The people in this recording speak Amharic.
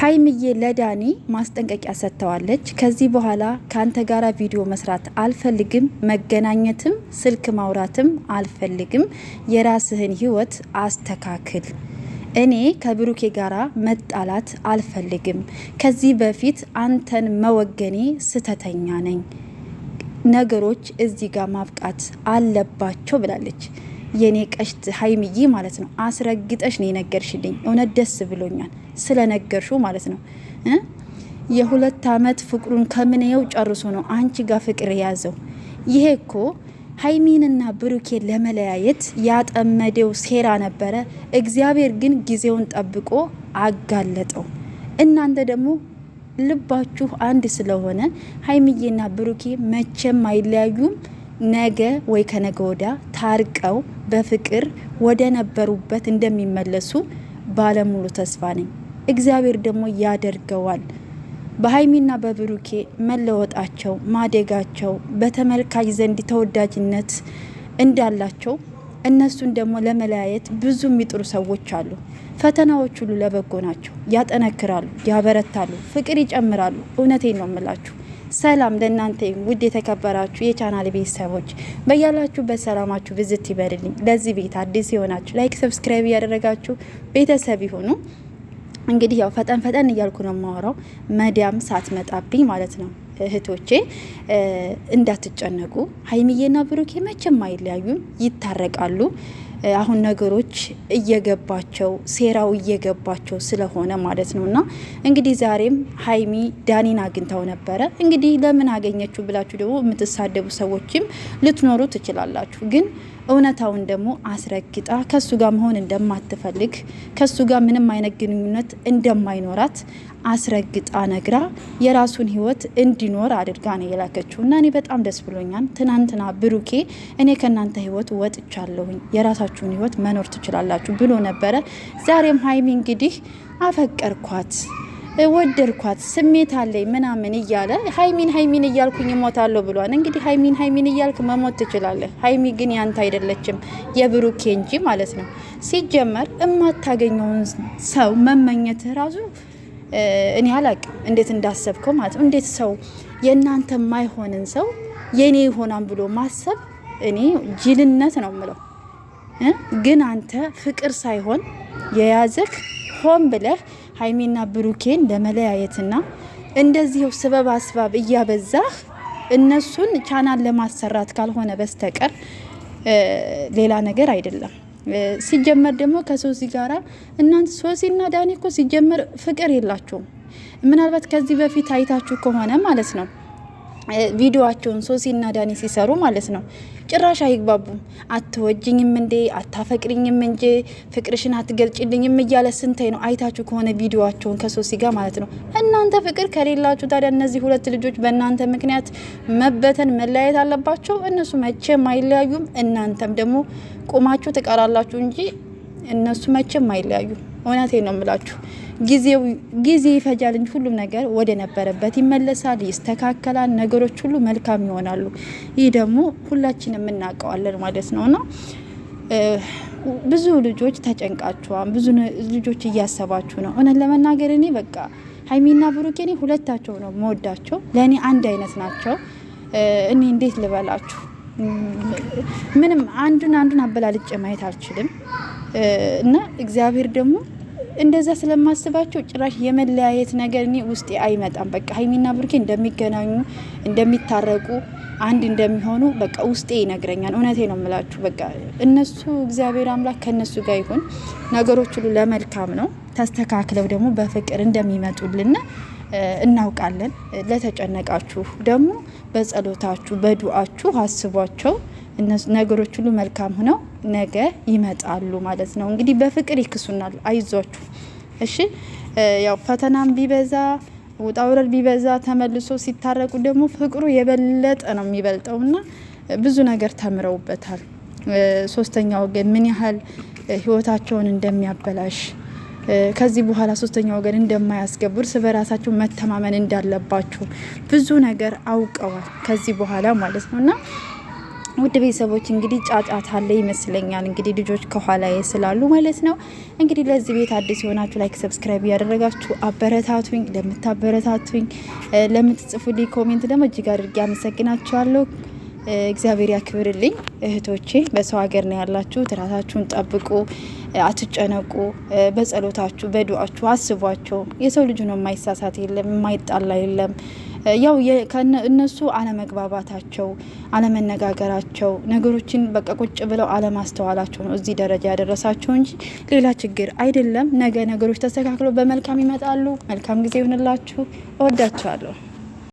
ሀይምዬ ለዳኒ ማስጠንቀቂያ ሰጥተዋለች። ከዚህ በኋላ ከአንተ ጋራ ቪዲዮ መስራት አልፈልግም፣ መገናኘትም ስልክ ማውራትም አልፈልግም። የራስህን ህይወት አስተካክል። እኔ ከብሩኬ ጋራ መጣላት አልፈልግም። ከዚህ በፊት አንተን መወገኔ ስተተኛ ነኝ። ነገሮች እዚህ ጋር ማብቃት አለባቸው ብላለች። የኔ ቀሽት ሀይምዬ ማለት ነው። አስረግጠሽ ነው የነገርሽልኝ። እውነት ደስ ብሎኛል ስለነገርሹ ማለት ነው። የሁለት አመት ፍቅሩን ከምንየው ጨርሶ ነው አንቺ ጋር ፍቅር የያዘው። ይሄ እኮ ሀይሚንና ብሩኬን ለመለያየት ያጠመደው ሴራ ነበረ። እግዚአብሔር ግን ጊዜውን ጠብቆ አጋለጠው። እናንተ ደግሞ ልባችሁ አንድ ስለሆነ ሀይሚዬና ብሩኬ መቼም አይለያዩም። ነገ ወይ ከነገ ወዳ ታርቀው በፍቅር ወደ ነበሩበት እንደሚመለሱ ባለሙሉ ተስፋ ነኝ። እግዚአብሔር ደግሞ ያደርገዋል። በሀይሚና በብሩኬ መለወጣቸው፣ ማደጋቸው በተመልካች ዘንድ ተወዳጅነት እንዳላቸው እነሱን ደግሞ ለመለያየት ብዙ የሚጥሩ ሰዎች አሉ። ፈተናዎች ሁሉ ለበጎ ናቸው። ያጠነክራሉ፣ ያበረታሉ፣ ፍቅር ይጨምራሉ። እውነቴን ነው የምላችሁ። ሰላም ለእናንተ ውድ የተከበራችሁ የቻናል ቤተሰቦች በያላችሁበት ሰላማችሁ ብዝት ይበርልኝ። ለዚህ ቤት አዲስ የሆናችሁ ላይክ፣ ሰብስክራይብ እያደረጋችሁ ቤተሰብ ይሆኑ። እንግዲህ ያው ፈጠን ፈጠን እያልኩ ነው የማወራው መዳም ሳትመጣብኝ ማለት ነው። እህቶቼ እንዳትጨነቁ። ሀይሚዬና ብሩኬ መቼም አይለያዩም፣ ይታረቃሉ። አሁን ነገሮች እየገባቸው ሴራው እየገባቸው ስለሆነ ማለት ነው። እና እንግዲህ ዛሬም ሀይሚ ዳኒን አግኝተው ነበረ። እንግዲህ ለምን አገኘችው ብላችሁ ደግሞ የምትሳደቡ ሰዎችም ልትኖሩ ትችላላችሁ ግን እውነታውን ደግሞ አስረግጣ ከሱ ጋር መሆን እንደማትፈልግ ከሱ ጋር ምንም አይነት ግንኙነት እንደማይኖራት አስረግጣ ነግራ የራሱን ህይወት እንዲኖር አድርጋ ነው የላከችው እና እኔ በጣም ደስ ብሎኛል። ትናንትና ብሩኬ እኔ ከእናንተ ህይወት ወጥቻለሁኝ የራሳችሁን ህይወት መኖር ትችላላችሁ ብሎ ነበረ። ዛሬም ሀይሚ እንግዲህ አፈቀርኳት ወደድኳት ስሜት አለኝ ምናምን እያለ ሀይሚን ሀይሚን እያልኩኝ እሞታለሁ ብሏል። እንግዲህ ሀይሚን ሀይሚን እያልክ መሞት ትችላለህ። ሀይሚ ግን ያንተ አይደለችም የብሩኬ እንጂ ማለት ነው። ሲጀመር እማታገኘውን ሰው መመኘትህ ራሱ እኔ አላቅም እንዴት እንዳሰብከው ማለት ነው። እንዴት ሰው የእናንተ የማይሆንን ሰው የእኔ ይሆናን ብሎ ማሰብ እኔ ጅልነት ነው የምለው። ግን አንተ ፍቅር ሳይሆን የያዘክ ሆን ብለህ ሀይሜና ብሩኬን ለመለያየትና እንደዚህው ስበብ አስባብ እያበዛህ እነሱን ቻናል ለማሰራት ካልሆነ በስተቀር ሌላ ነገር አይደለም። ሲጀመር ደግሞ ከሶሲ ጋራ እናንተ ሶሲና ዳኒ እኮ ሲጀመር ፍቅር የላቸውም። ምናልባት ከዚህ በፊት አይታችሁ ከሆነ ማለት ነው ቪዲዮቸውን ሶሲና ዳኒ ሲሰሩ ማለት ነው። ጭራሽ አይግባቡም። አትወጅኝም እንዴ አታፈቅሪኝም እንጂ ፍቅርሽን አትገልጭልኝም እያለ ስንቴ ነው አይታችሁ ከሆነ ቪዲዮቸውን ከሶሲ ጋር ማለት ነው። እናንተ ፍቅር ከሌላችሁ ታዲያ እነዚህ ሁለት ልጆች በእናንተ ምክንያት መበተን መለያየት አለባቸው? እነሱ መቼም አይለያዩም። እናንተም ደግሞ ቁማችሁ ትቀራላችሁ እንጂ እነሱ መቼም አይለያዩም። እውነቴን ነው የምላችሁ። ጊዜው ጊዜ ይፈጃል እንጂ ሁሉም ነገር ወደ ነበረበት ይመለሳል፣ ይስተካከላል፣ ነገሮች ሁሉ መልካም ይሆናሉ። ይህ ደግሞ ሁላችንም እናውቀዋለን ማለት ነው ነው ብዙ ልጆች ተጨንቃችኋል፣ ብዙ ልጆች እያሰባችሁ ነው። እውነት ለመናገር እኔ በቃ ሀይሚና ብሩኬ እኔ ሁለታቸው ነው መወዳቸው፣ ለእኔ አንድ አይነት ናቸው። እኔ እንዴት ልበላችሁ ምንም አንዱን አንዱን አበላልጬ ማየት አልችልም እና እግዚአብሔር ደግሞ እንደዛ ስለማስባቸው ጭራሽ የመለያየት ነገር እኔ ውስጤ አይመጣም። በቃ ሀይሚና ብሩኬ እንደሚገናኙ እንደሚታረቁ አንድ እንደሚሆኑ በቃ ውስጤ ይነግረኛል። እውነቴ ነው የምላችሁ። በቃ እነሱ እግዚአብሔር አምላክ ከእነሱ ጋር ይሁን። ነገሮች ሁሉ ለመልካም ነው። ተስተካክለው ደግሞ በፍቅር እንደሚመጡልና እናውቃለን። ለተጨነቃችሁ ደግሞ በጸሎታችሁ በዱአችሁ አስቧቸው። ነገሮች ሁሉ መልካም ሆነው ነገ ይመጣሉ ማለት ነው። እንግዲህ በፍቅር ይክሱናል። አይዟችሁ እሺ። ያው ፈተናም ቢበዛ ውጣውረድ ቢበዛ ተመልሶ ሲታረቁ ደግሞ ፍቅሩ የበለጠ ነው የሚበልጠው እና ብዙ ነገር ተምረውበታል። ሶስተኛ ወገን ምን ያህል ህይወታቸውን እንደሚያበላሽ ከዚህ በኋላ ሶስተኛ ወገን እንደማያስገቡ እርስ በራሳቸው መተማመን እንዳለባቸው ብዙ ነገር አውቀዋል ከዚህ በኋላ ማለት ነው እና ውድ ቤተሰቦች እንግዲህ ጫጫታ አለ ይመስለኛል። እንግዲህ ልጆች ከኋላ ስላሉ ማለት ነው። እንግዲህ ለዚህ ቤት አዲስ የሆናችሁ ላይክ፣ ሰብስክራይብ እያደረጋችሁ አበረታቱኝ። ለምታበረታቱኝ፣ ለምትጽፉልኝ ኮሜንት ደግሞ እጅግ አድርጌ አመሰግናችኋለሁ። እግዚአብሔር ያክብርልኝ እህቶቼ። በሰው ሀገር ነው ያላችሁ፣ ትራታችሁን ጠብቁ፣ አትጨነቁ። በጸሎታችሁ በዱዋችሁ አስቧቸው። የሰው ልጅ ነው የማይሳሳት የለም፣ የማይጣላ የለም። ያው እነሱ አለመግባባታቸው፣ አለመነጋገራቸው፣ ነገሮችን በቃ ቁጭ ብለው አለማስተዋላቸው ነው እዚህ ደረጃ ያደረሳቸው እንጂ ሌላ ችግር አይደለም። ነገ ነገሮች ተስተካክለው በመልካም ይመጣሉ። መልካም ጊዜ ይሆንላችሁ። እወዳችኋለሁ።